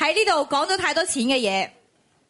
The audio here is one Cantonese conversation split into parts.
.喺呢度講咗太多錢嘅嘢，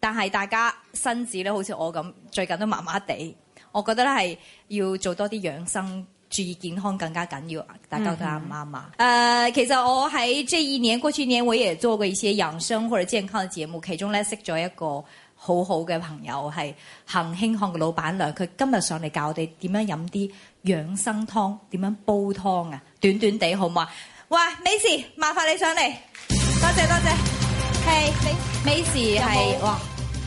但係大家身子咧，好似我咁最近都麻麻地，我覺得咧係要做多啲養生注意健康更加緊要，大家覺得啱唔啱啊。誒、嗯呃，其實我喺這一年過去年，我也做過一些養生或者健康嘅節目，其中咧識咗一個很好好嘅朋友，係恒興行嘅老闆娘。佢今日上嚟教我哋點樣飲啲養生湯，點樣煲湯啊！短短地好唔好啊？喂，Macy，麻煩你上嚟，多謝多謝。謝謝。係 Hey, Macy 係，哇，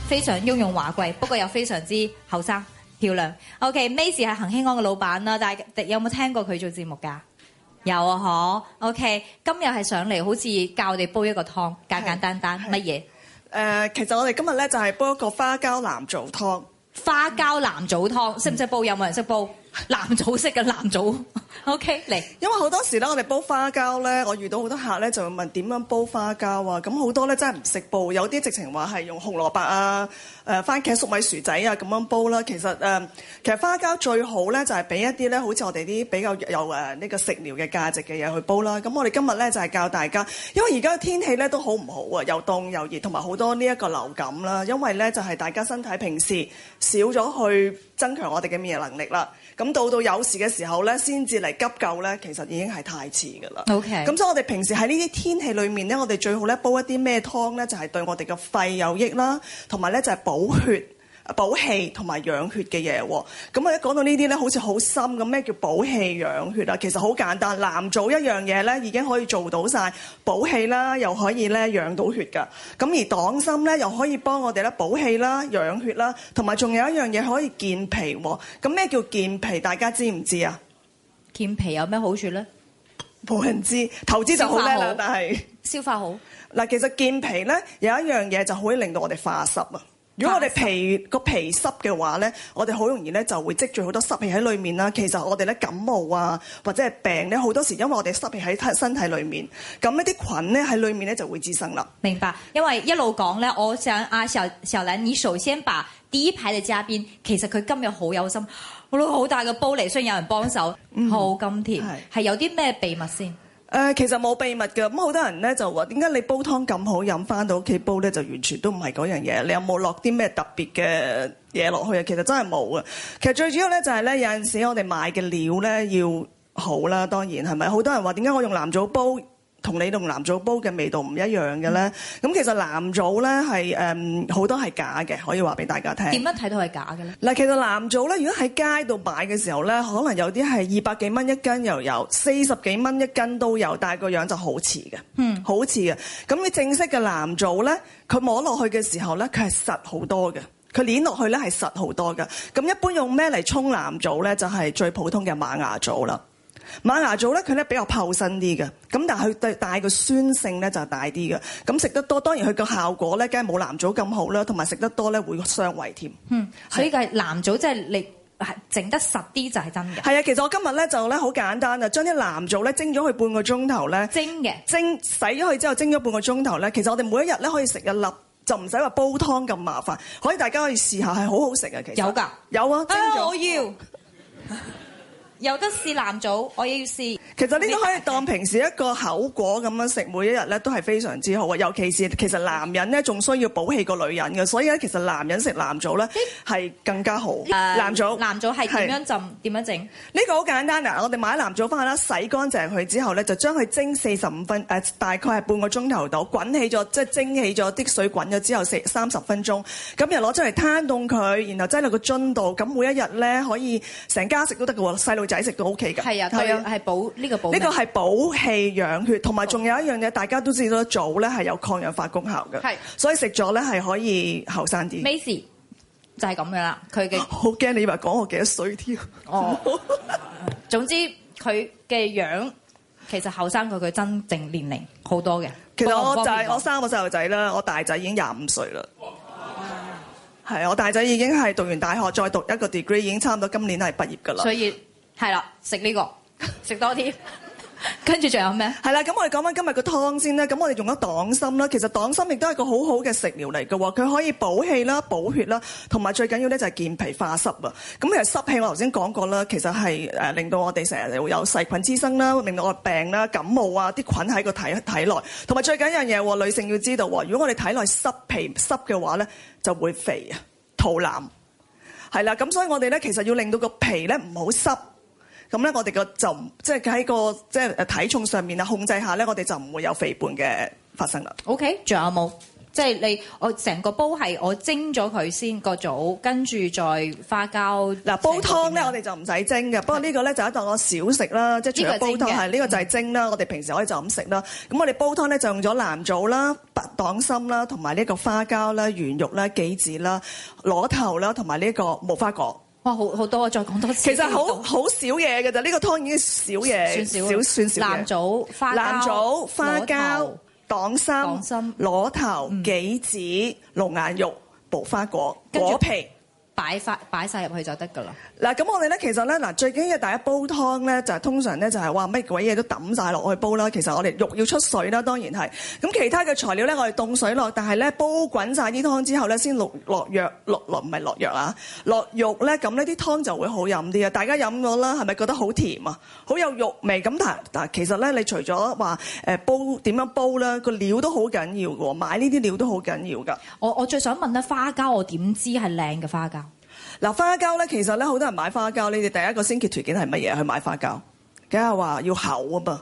非常雍容華貴，不過又非常之後生漂亮。OK，Macy 係恒興安嘅老闆啦，但係有冇聽過佢做節目噶？有，有啊，嗬。OK。今日係上嚟好似教我哋煲一個湯，簡簡單單乜嘢？誒麼、呃，其實我哋今日咧就係煲一個花膠南棗湯。花膠南棗湯識唔識煲？有冇人識煲？藍藻色嘅藍藻，OK 嚟。因為好多時咧，我哋煲花膠咧，我遇到好多客咧就會問點樣煲花膠啊。咁好多咧真係唔識煲，有啲直情話係用紅蘿蔔啊、誒番茄、粟米薯仔啊咁樣煲啦。其實誒，其實花膠最好咧就係俾一啲咧，好似我哋啲比較有誒呢個食療嘅價值嘅嘢去煲啦。咁我哋今日咧就係教大家，因為而家嘅天氣咧都好唔好啊，又凍又熱，同埋好多呢一個流感啦。因為咧就係大家身體平時少咗去增強我哋嘅免疫能力啦。咁咁到到有事嘅時候咧，先至嚟急救咧，其實已經係太遲㗎啦。OK，咁所以我哋平時喺呢啲天氣裏面咧，我哋最好咧煲一啲咩湯咧，就係對我哋嘅肺有益啦，同埋咧就係補血。補氣同埋養血嘅嘢喎，咁我一講到呢啲呢，好似好深咁。咩叫補氣養血啊？其實好簡單，南棗一樣嘢呢已經可以做到晒。補氣啦，又可以咧養到血噶。咁而黨參呢，又可以幫我哋呢補氣啦、養血啦，同埋仲有一樣嘢可以健脾。咁咩叫健脾？大家知唔知啊？健脾有咩好處咧？冇人知，投資就好叻啦，但係消化好嗱。是好，其實健脾呢有一樣嘢就可以令到我哋化濕啊。如果我哋皮個皮濕嘅話咧，我哋好容易咧就會積聚好多濕氣喺裏面啦。其實我哋咧感冒啊，或者係病咧，好多時因為我哋濕氣喺身身體裏面，咁呢啲菌咧喺裏面咧就會滋生啦。明白，因為一路講咧，我想啊小小蘭，你首先把第一排嘅嘉賓。其實佢今日好有心，攞好大嘅煲嚟，需有人幫手，好、嗯、哼甘甜，係是有啲咩秘密先？呃、其實冇秘密㗎，咁好多人呢就就話點解你煲湯咁好飲，返到屋企煲呢，就完全都唔係嗰樣嘢。你有冇落啲咩特別嘅嘢落去啊？其實真係冇啊。其實最主要咧就係呢，有時我哋買嘅料呢要好啦，當然係咪？好多人話點解我用藍藻煲？同你同藍藻煲嘅味道唔一樣嘅咧，咁、嗯、其實藍藻咧係誒好多係假嘅，可以話俾大家聽。點樣睇到係假嘅咧？嗱，其實藍藻咧，如果喺街度買嘅時候咧，可能有啲係二百幾蚊一斤又有，四十幾蚊一斤都有，但係個樣就好似嘅，嗯，好似嘅。咁你正式嘅藍藻咧，佢摸落去嘅時候咧，佢係實好多嘅，佢捏落去咧係實好多嘅。咁一般用咩嚟沖藍藻咧？就係、是、最普通嘅馬牙藻啦。馬牙棗咧，佢咧比較泡身啲嘅，咁但係佢對帶個酸性咧就大啲嘅，咁食得多當然佢個效果咧，梗係冇藍棗咁好啦，同埋食得多咧會傷胃添。嗯，所以嘅藍棗即係你係整得實啲就係真嘅。係啊，其實我今日咧就咧好簡單啊，將啲藍棗咧蒸咗去半個鐘頭咧，蒸嘅的蒸洗咗去之後蒸咗半個鐘頭咧，其實我哋每一日咧可以食一粒，就唔使話煲湯咁麻煩，可以大家可以試下係好好食啊。其實。有㗎的，有啊，蒸啊。我要。 有得試藍棗，我亦要試。其實呢啲可以當平時一個口果咁樣食，每一日咧都係非常之好嘅。尤其是其實男人咧仲需要補氣過女人嘅，所以咧其實男人食藍棗咧係更加好。藍棗藍棗係點樣浸？點是樣整？呢個好簡單啊！我哋買藍棗翻嚟啦，洗乾淨佢之後咧，就將佢蒸四十五分，誒、呃、大概係半個鐘頭度，滾起咗即係蒸起咗啲水滾咗之後四三十分鐘，咁又攞出嚟攤凍佢，然後擠落個樽度，咁每一日咧可以成家食都得嘅喎，細路仔食都 O K 噶係啊，係啊，係補呢個補，呢個係補氣養血，同埋仲有一樣嘢，大家都知道，早咧係有抗氧化功效嘅，係是，所以食咗咧係可以後生啲。Macy 就係咁嘅啦，佢嘅好驚你以為講我幾多歲添。哦， 總之佢嘅樣其實後生過佢真正年齡好多嘅。其實我就係我三個細路仔啦，我大仔已經廿五歲啦，係哇我大仔已經係讀完大學，再讀一個 degree 已經差唔多，今年係畢業噶啦。所以係啦，食呢、個食多啲，跟住仲有咩？係啦，咁我哋講翻今日個湯先啦。咁我哋用咗黨參啦，其實黨參亦都係個好好嘅食療嚟嘅喎。佢可以補氣啦、補血啦，同埋最緊要咧就係健脾化濕啊。咁其實濕氣我頭先講過啦，其實係誒令到我哋成日會有細菌滋生啦，令到我病啦、感冒啊、啲菌喺個體體內。同埋最緊要一樣嘢，女性要知道，如果我哋體內濕皮濕嘅話咧，就會肥啊、肚腩。係啦，咁所以我哋咧其實要令到個皮咧唔好濕。咁咧，我哋個就即係喺個即係體重上面啊，控制下咧，我哋就唔會有肥胖嘅發生啦。OK，仲有冇？即係你我成個煲係我蒸咗佢先，個棗跟住再花膠。嗱，煲湯咧，我哋就唔使蒸嘅。不過呢個咧就當個小食啦，即係除咗煲湯係呢個就係蒸啦。我哋平時可以就咁食啦。咁我哋煲湯咧就用咗藍棗啦、白黨參啦、同埋呢個花膠啦、圓肉啦、杞子啦、螺頭啦，同埋呢個無花果。哇，好好多啊！再講多次，其實好好少嘢嘅啫，呢個湯已，這個，已經少嘢，算少算少。藍藻、花藍藻、花膠、黨蔘、黨蔘、螺頭、杞子、龍眼肉、無花果、著果皮。擺翻擺晒入去就得㗎啦。嗱，咁我哋咧其實咧，嗱最緊要大家煲湯咧就係通常咧就係話哇乜鬼嘢都揼晒落去煲啦。其實我哋肉要出水啦，當然係。咁其他嘅材料咧我哋凍水落，但係咧煲滾晒啲湯之後咧先落落藥，落落唔係落藥啊，落肉咧。咁呢啲湯就會好飲啲啊！大家飲咗啦，係咪覺得好甜啊？好有肉味咁？但其實咧，你除咗話煲點樣煲咧，個料都好緊要㗎喎。買呢啲料都好緊要㗎。我我最想問咧花膠，我點知係靚嘅花膠？嗱花膠呢，其實呢，好多人買花膠，你哋第一個先決條件係乜嘢去買花膠？梗係話要厚啊嘛。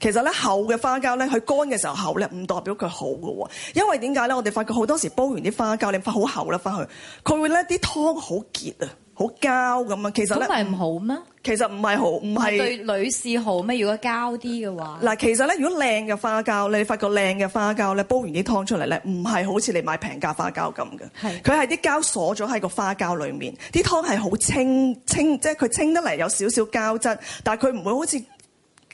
其實呢，厚嘅花膠呢，佢乾嘅時候厚呢，唔代表佢好㗎喎。因為點解呢？我哋發覺好多時煲完啲花膠，你發好厚啦，返去佢會呢啲湯好結啊。好膠咁啊，其實咧，咁唔係唔好咩？其實唔係好，唔係對女士好咩？如果膠啲嘅話，嗱，其實咧，如果靚嘅花膠咧，你發覺靚嘅花膠咧，煲完啲湯出嚟咧，唔係好似你買平價花膠咁嘅，佢係啲膠鎖咗喺個花膠裏面，啲湯係好清清，即係佢清得嚟有少少膠質，但係佢唔會好似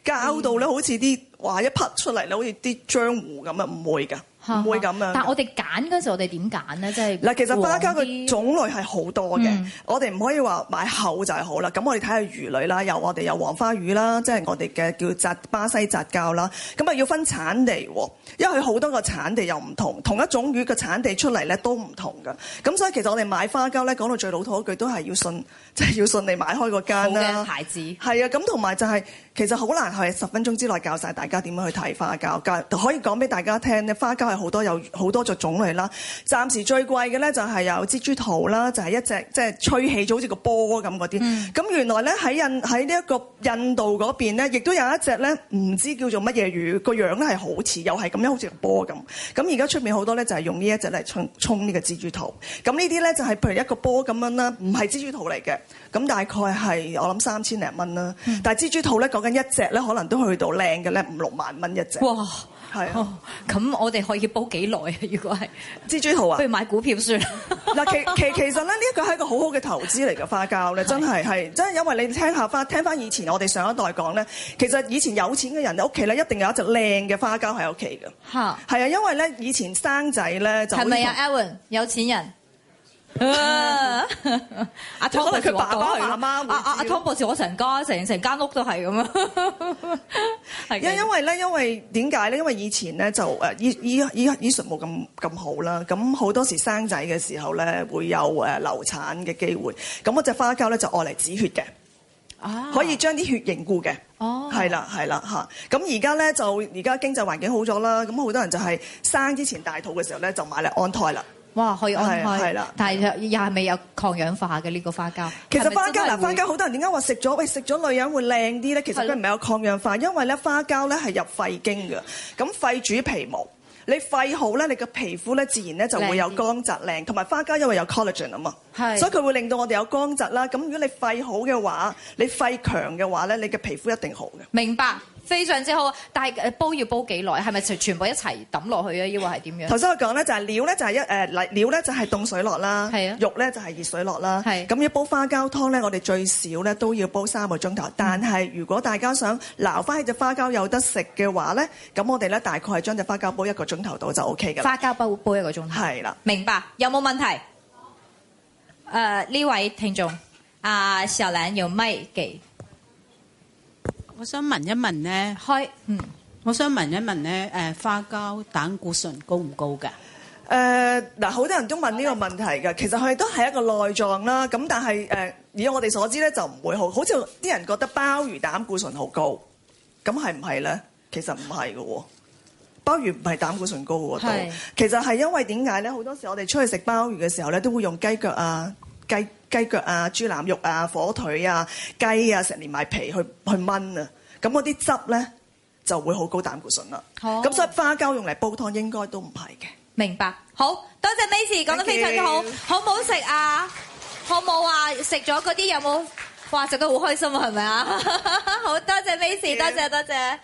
膠到咧、嗯，好似啲話一匹出嚟咧，好似啲漿糊咁啊，唔會㗎。唔會咁樣， 但係我哋揀嗰時，我哋點揀呢？即係嗱，其實花膠嘅種類係好多嘅，嗯、我哋唔可以話買厚就係好啦。咁我哋睇下魚類啦，有我哋有黃花魚啦，即、就、係、是、我哋嘅叫雜巴西扎膠啦。咁啊要分產地喎，因為佢好多個產地又唔同，同一種魚嘅產地出嚟咧都唔同嘅。咁所以其實我哋買花膠咧，講到最老土一句，都係要順，即、就、係、是、要順利買開個間啦。牌子係啊，咁同埋就係、是、其實好難係十分鐘之內教晒大家點樣去睇花膠，但可以講俾大家聽咧，花膠。係好多，有好多種種類啦，暫時最貴嘅咧就係有蜘蛛肚啦，就係、是、一隻即係吹起咗好似個波咁嗰啲。咁、嗯、原來咧喺印喺呢一個印度嗰邊咧，亦都有一隻咧唔知叫做乜嘢魚，樣子樣個樣咧係好似又係咁樣好似個波咁。咁而家出面好多咧就係用呢一只嚟，冲冲呢個蜘蛛肚。咁呢啲咧就係譬如一個波咁樣啦，唔係蜘蛛肚嚟嘅。咁大概係我諗三千零蚊啦。嗯、但係蜘蛛肚咧講緊一隻咧，可能都去到靚嘅咧五六萬蚊一隻。哇係啊，咁是、oh, 我哋可以煲幾耐啊？如果係蜘蛛圖啊，不如買股票算。嗱， 其其其實咧，呢一個係一個好好嘅投資嚟嘅花膠咧，是真係真係因為你聽下翻，聽翻以前我哋上一代講咧，其實以前有錢嘅人咧，屋企咧一定有一隻靚嘅花膠喺屋企嘅。嚇嗎，係啊，因為咧以前生仔咧就係咪啊 Alan 有錢人。阿 Tom 佢爸爸媽媽，阿阿阿 Tom 博士，我成家成成間屋都係咁啊！因 的因為咧，因為點解咧？因為以前咧就誒、啊、醫醫醫醫術冇咁咁好啦，咁、啊、好多時候生仔嘅時候咧會有誒流產嘅機會，咁嗰隻花膠咧就愛嚟止血嘅，可以將啲血凝固嘅，係啦係啦嚇。咁而家咧就而家經濟環境好咗啦，咁、啊、好多人就係生之前大肚嘅時候咧就買嚟安胎啦。哇，可以安排係啦，是是但係又係未有抗氧化嘅呢、呢個花膠。其實花膠嗱，是是花膠好多人點解話食咗喂食咗女人會靚啲咧？其實佢唔係有抗氧化，的因為咧花膠咧係入肺經嘅。咁肺主皮毛，你肺好咧，你嘅皮膚咧自然咧就會有光澤靚。同埋花膠因為有 collagen 啊嘛，係是所以佢會令到我哋有光澤啦。咁如果你肺好嘅話，你肺強嘅話咧，你嘅皮膚一定好嘅。明白。非常之好，但係誒煲要煲幾耐？係咪就全部一齊抌落去啊？抑或係點樣？頭先我講咧就係、是、料咧就係一誒嚟料咧就係凍水落啦，是啊、肉咧就係熱水落啦。咁是、啊、要煲花膠湯咧，我哋最少咧都要煲三個鐘頭。但係如果大家想撈翻起隻花膠有得食嘅話咧，咁我哋咧大概係將隻花膠煲一個鐘頭度就 OK 嘅。花膠煲煲一個鐘頭。係啦。明白。有冇問題？誒呢、 呃、位聽眾，阿、呃、小蘭用咪記。我想問一問咧，開嗯，我想問一問咧，誒花膠膽固醇高唔高㗎？誒嗱，好多人都問呢個問題㗎。其實佢都係一個內臟啦。咁但係誒，以我哋所知咧，就唔會好。好似啲人覺得鮑魚膽固醇好高，咁係唔係咧？其實唔係嘅喎，鮑魚唔係膽固醇高喎。都其實係因為點解咧？好多時我哋出去食鮑魚嘅時候咧，都會用雞腳啊、雞。雞腳啊、豬腩肉啊、火腿啊、雞啊，成年買皮去去燜啊，咁嗰啲汁咧就會好高膽固醇啦、啊。好，咁所以花膠用嚟煲湯應該都唔係嘅。明白，好多謝 m a i 講得非常之好。Thank you. 好唔好食啊？好冇話食咗嗰啲有冇？哇！食得好開心啊，係咪啊？ 好多謝 m a i 多謝多謝。多謝。